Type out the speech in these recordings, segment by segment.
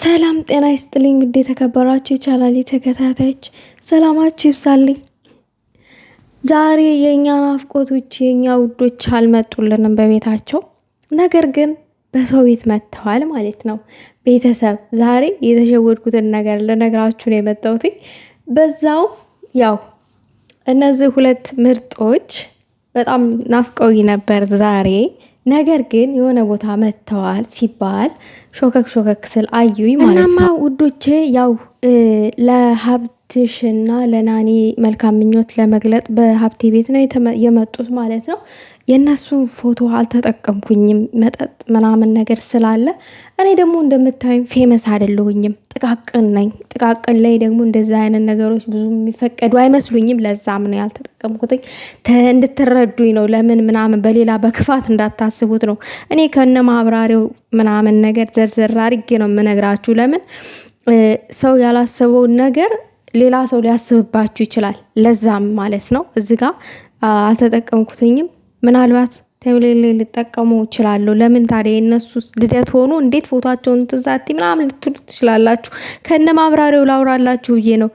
ሰላም ጤና ይስጥልኝ። ውድ የተከበራችሁ የቻናሌ ተከታታዮች ሰላማችሁ ይብዛልኝ። ዛሬ የእኛ ናፍቆቶች የእኛ ውዶች አልመጡልንም በቤታቸው ነገር ግን በሰው ቤት መጥተዋል ማለት ነው። ቤተሰብ ዛሬ የተሸወድኩትን ነገር ልነግራችሁ ነው የመጣሁት። በዛው ያው እነዚህ ሁለት ምርጦች በጣም ናፍቀውኝ ነበር ዛሬ ነገር ግን የሆነ ቦታ መጥተዋል ሲባል ሾከክ ሾከክ ስል አዩኝ ማለት ነው። እናማ ውዶቼ ያው ለሀብት ትሽና ለናኒ መልካም ምኞት ለመግለጥ በሀብቴ ቤት ነው የመጡት ማለት ነው። የእነሱ ፎቶ አልተጠቀምኩኝም መጠጥ ምናምን ነገር ስላለ እኔ ደግሞ እንደምታዩኝ ፌመስ አይደለሁኝም፣ ጥቃቅን ነኝ። ጥቃቅን ላይ ደግሞ እንደዚ አይነት ነገሮች ብዙ የሚፈቀዱ አይመስሉኝም። ለዛም ነው ያልተጠቀምኩትኝ። እንድትረዱኝ ነው። ለምን ምናምን በሌላ በክፋት እንዳታስቡት ነው። እኔ ከነ ማብራሪው ምናምን ነገር ዘርዘር አድርጌ ነው የምነግራችሁ። ለምን ሰው ያላሰበውን ነገር ሌላ ሰው ሊያስብባችሁ ይችላል። ለዛም ማለት ነው እዚ ጋ አልተጠቀምኩትኝም ምናልባት ተምሌሌ ልጠቀሙ ይችላሉ። ለምን ታዲያ የነሱ ልደት ሆኖ እንዴት ፎቷቸውን ትዛቲ ምናምን ልትሉ ትችላላችሁ። ከነ ማብራሪው ላውራላችሁ ብዬ ነው።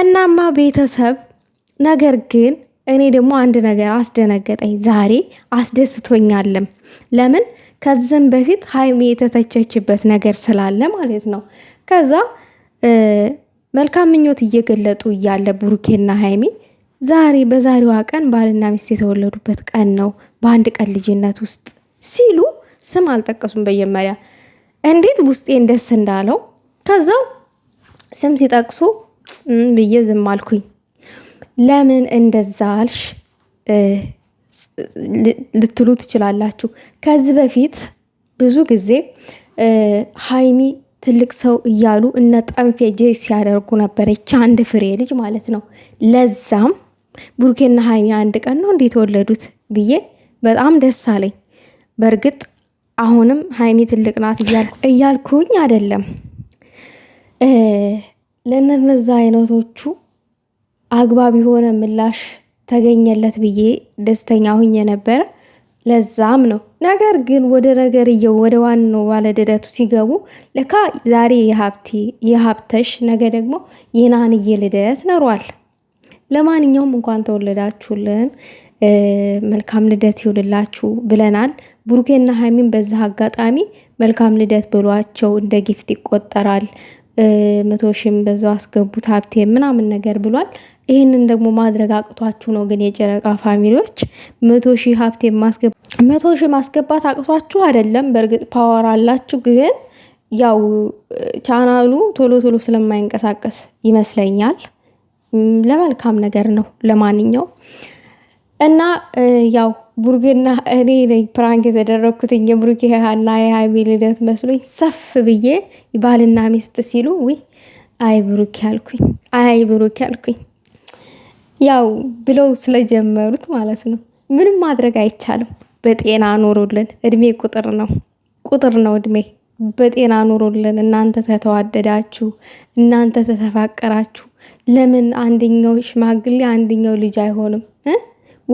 እናማ ቤተሰብ ነገር ግን እኔ ደግሞ አንድ ነገር አስደነገጠኝ ዛሬ አስደስቶኛለም። ለምን ከዚህም በፊት ሀይሚ የተተቸችበት ነገር ስላለ ማለት ነው ከዛ መልካም ምኞት እየገለጡ እያለ ቡሩኬና ሀይሚ ዛሬ በዛሬዋ ቀን ባልና ሚስት የተወለዱበት ቀን ነው በአንድ ቀን ልጅነት ውስጥ ሲሉ ስም አልጠቀሱም። በመጀመሪያ እንዴት ውስጤን ደስ እንዳለው ከዛው ስም ሲጠቅሱ ብዬ ዝም አልኩኝ። ለምን እንደዛ አልሽ ልትሉ ትችላላችሁ። ከዚህ በፊት ብዙ ጊዜ ሀይሚ ትልቅ ሰው እያሉ እነ ጠንፌ ጄ ሲያደርጉ ነበረች አንድ ፍሬ ልጅ ማለት ነው። ለዛም ብሩኬና ሀይሚ አንድ ቀን ነው እንዴት ተወለዱት ብዬ በጣም ደስ አለኝ። በእርግጥ አሁንም ሀይሚ ትልቅ ናት እያልኩኝ አይደለም። ለእነነዛ አይነቶቹ አግባብ የሆነ ምላሽ ተገኘለት ብዬ ደስተኛ ሁኝ ነበረ። ለዛም ነው። ነገር ግን ወደ ነገርየው ወደ ዋናው ባለልደቱ ሲገቡ ለካ ዛሬ የሀብቴ የሀብተሽ ነገ ደግሞ የናንዬ ልደት ኖሯል። ለማንኛውም እንኳን ተወለዳችሁልን፣ መልካም ልደት ይሁንላችሁ ብለናል። ብሩኬና ሀይሚን በዛህ አጋጣሚ መልካም ልደት ብሏቸው እንደ ጊፍት ይቆጠራል። መቶ ሺም በዛው አስገቡት ሀብቴ ምናምን ነገር ብሏል። ይህንን ደግሞ ማድረግ አቅቷችሁ ነው ግን የጨረቃ ፋሚሊዎች መቶ ሺ ሀብቴ መቶ ሺ ማስገባት አቅቷችሁ አይደለም። በእርግጥ ፓወር አላችሁ ግን ያው ቻናሉ ቶሎ ቶሎ ስለማይንቀሳቀስ ይመስለኛል። ለመልካም ነገር ነው ለማንኛው እና ያው ቡርጌና እኔ ነኝ ፕራንክ የተደረግኩት። የብሩኬ እና የሀይሚ ልደት መስሎኝ ሰፍ ብዬ ባልና ሚስት ሲሉ ዊ አይ ብሩክ ያልኩኝ አይ ብሩክ ያልኩኝ ያው ብለው ስለጀመሩት ማለት ነው። ምንም ማድረግ አይቻልም። በጤና ኖሮልን እድሜ ቁጥር ነው ቁጥር ነው እድሜ በጤና ኑሮልን። እናንተ ተተዋደዳችሁ፣ እናንተ ተተፋቀራችሁ፣ ለምን አንደኛው ሽማግሌ አንደኛው ልጅ አይሆንም?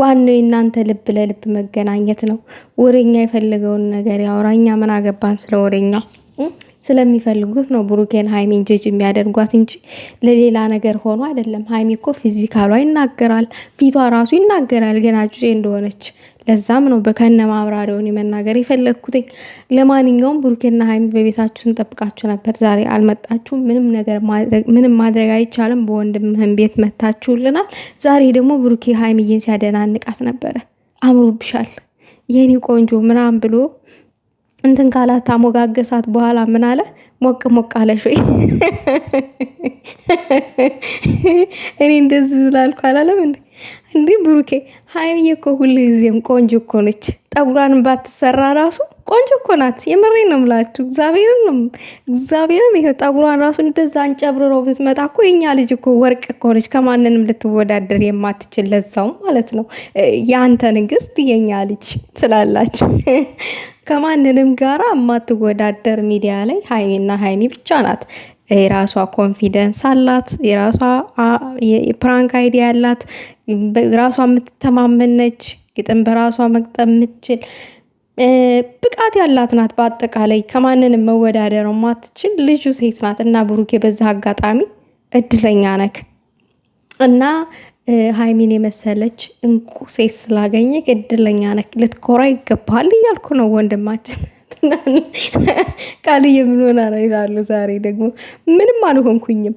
ዋናው የእናንተ ልብ ለልብ መገናኘት ነው። ወሬኛ የፈለገውን ነገር ያውራኛ። ምን አገባን ስለ ወሬኛ ስለሚፈልጉት ነው ብሩኬን ሀይሚን ጀጅ የሚያደርጓት እንጂ ለሌላ ነገር ሆኖ አይደለም። ሀይሚ እኮ ፊዚካሏ ይናገራል፣ ፊቷ ራሱ ይናገራል ገና ጩጬ እንደሆነች ለዛም ነው በከነ ማብራሪውን የመናገር የፈለግኩትኝ። ለማንኛውም ብሩኬና ሀይሚ በቤታችሁ እንጠብቃችሁ ነበር፣ ዛሬ አልመጣችሁም። ምንም ነገር ምንም ማድረግ አይቻልም። በወንድምህን ቤት መታችሁልናል። ዛሬ ደግሞ ብሩኬ ሀይሚዬን ሲያደናንቃት ነበረ። አምሮብሻል የኔ ቆንጆ ምናምን ብሎ እንትን ካላት ታሞጋገሳት በኋላ ምን አለ? ሞቅ ሞቅ አለሽ ወይ? እኔ እንደዚህ ላልኩ አላለም እንዴ? እንዲህ ብሩኬ ሀይሚዬ እኮ ጊዜም ቆንጆ እኮ ነች። ጠጉሯንም ባትሰራ ራሱ ቆንጆ እኮ ናት። የምሬ ነው ምላችሁ። እግዚአብሔርን ነው እግዚአብሔርን ይሄ ጠጉሯን ራሱ እንደዛ አንጨብርሮ ብትመጣ እኮ የኛ ልጅ እኮ ወርቅ ከሆነች ከማንንም ልትወዳደር የማትችል ለዛው ማለት ነው። የአንተ ንግስት የኛ ልጅ ስላላችሁ ከማንንም ጋራ የማትወዳደር ሚዲያ ላይ ሀይሚና ሀይሚ ብቻ ናት። የራሷ ኮንፊደንስ አላት። የራሷ ፕራንክ አይዲያ አላት። ራሷ የምትተማመነች ግጥም በራሷ መቅጠም የምትችል ብቃት ያላት ናት። በአጠቃላይ ከማንንም መወዳደር ማትችል ልጁ ሴት ናት እና ብሩኬ በዛ አጋጣሚ እድለኛ ነክ እና ሀይሚን የመሰለች እንቁ ሴት ስላገኘ እድለኛ ነክ፣ ልትኮራ ይገባል እያልኩ ነው ወንድማችን ቃል የምንሆና ነው ይላሉ። ዛሬ ደግሞ ምንም አልሆንኩኝም።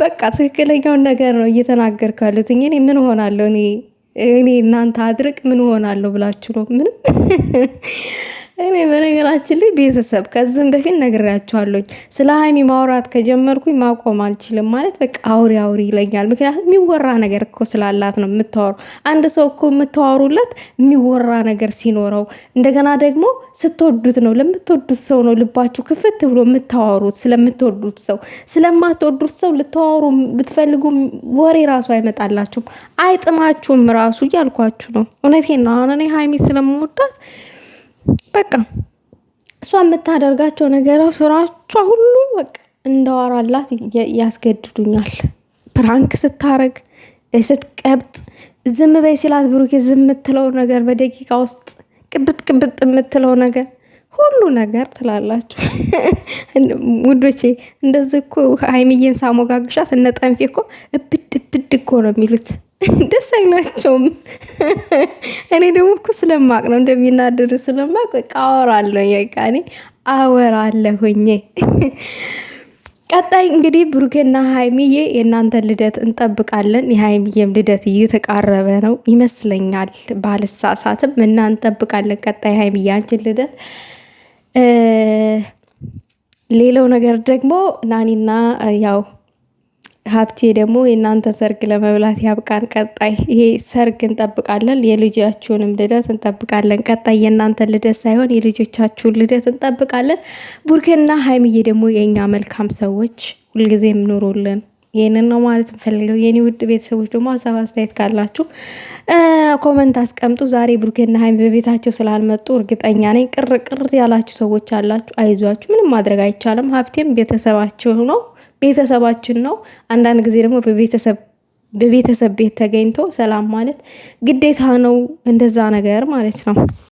በቃ ትክክለኛውን ነገር ነው እየተናገርከው ያሉት። እኔ ምን ሆናለሁ እኔ እኔ እናንተ አድርቅ ምን ሆናለሁ ብላችሁ ነው ምንም እኔ በነገራችን ላይ ቤተሰብ ከዚህም በፊት ነግሬያቸዋለሁ። ስለ ሀይሚ ማውራት ከጀመርኩኝ ማቆም አልችልም። ማለት በቃ አውሪ አውሪ ይለኛል። ምክንያቱም የሚወራ ነገር እኮ ስላላት ነው የምታወሩ። አንድ ሰው እኮ የምታወሩለት የሚወራ ነገር ሲኖረው፣ እንደገና ደግሞ ስትወዱት ነው። ለምትወዱት ሰው ነው ልባችሁ ክፍት ብሎ የምታወሩት፣ ስለምትወዱት ሰው። ስለማትወዱት ሰው ልታወሩ ብትፈልጉ ወሬ ራሱ አይመጣላችሁም፣ አይጥማችሁም ራሱ እያልኳችሁ ነው። እውነቴን ነው። አሁን እኔ ሀይሚ ስለምወዳት በቃ እሷ የምታደርጋቸው ነገራው ስራቿ ሁሉ በቃ እንዳወራላት ያስገድዱኛል። ፕራንክ ስታረግ፣ ስትቀብጥ፣ ዝም በይ ሲላት ብሩኬ ዝም የምትለው ነገር በደቂቃ ውስጥ ቅብጥ ቅብጥ የምትለው ነገር ሁሉ ነገር ትላላችሁ ውዶቼ። እንደዚህ እኮ ሀይሚዬን ሳሞጋግሻት እነ ጠንፌ እኮ እብድ እብድ እኮ ነው የሚሉት። ደስ አይላቸውም። እኔ ደግሞ እኮ ስለማቅ ነው እንደሚናደዱ ስለማቅ በቃ አወራለሁ። በቃ እኔ አወራለሁኝ። ቀጣይ እንግዲህ ብሩኬና ሀይሚዬ የእናንተ ልደት እንጠብቃለን። የሀይሚዬም ልደት እየተቃረበ ነው ይመስለኛል፣ ባልሳሳትም እና እንጠብቃለን ቀጣይ ሀይሚዬ አንቺን ልደት። ሌላው ነገር ደግሞ ናኒና ያው ሀብቴ ደግሞ የእናንተ ሰርግ ለመብላት ያብቃን። ቀጣይ ይሄ ሰርግ እንጠብቃለን። የልጃችሁንም ልደት እንጠብቃለን። ቀጣይ የእናንተ ልደት ሳይሆን የልጆቻችሁን ልደት እንጠብቃለን። ቡርኬና ሀይምዬ ደግሞ የእኛ መልካም ሰዎች ሁልጊዜ የምኖሩልን ይህንን ነው ማለት የምፈልገው። የኔ ውድ ቤተሰቦች ደግሞ ሀሳብ አስተያየት ካላችሁ ኮመንት አስቀምጡ። ዛሬ ብሩኬና ሀይሚ በቤታቸው ስላልመጡ እርግጠኛ ነኝ ቅር ቅር ያላችሁ ሰዎች አላችሁ። አይዟችሁ፣ ምንም ማድረግ አይቻልም። ሀብቴም ቤተሰባቸው ነው። ቤተሰባችን ነው። አንዳንድ ጊዜ ደግሞ በቤተሰብ በቤተሰብ ቤት ተገኝቶ ሰላም ማለት ግዴታ ነው። እንደዛ ነገር ማለት ነው።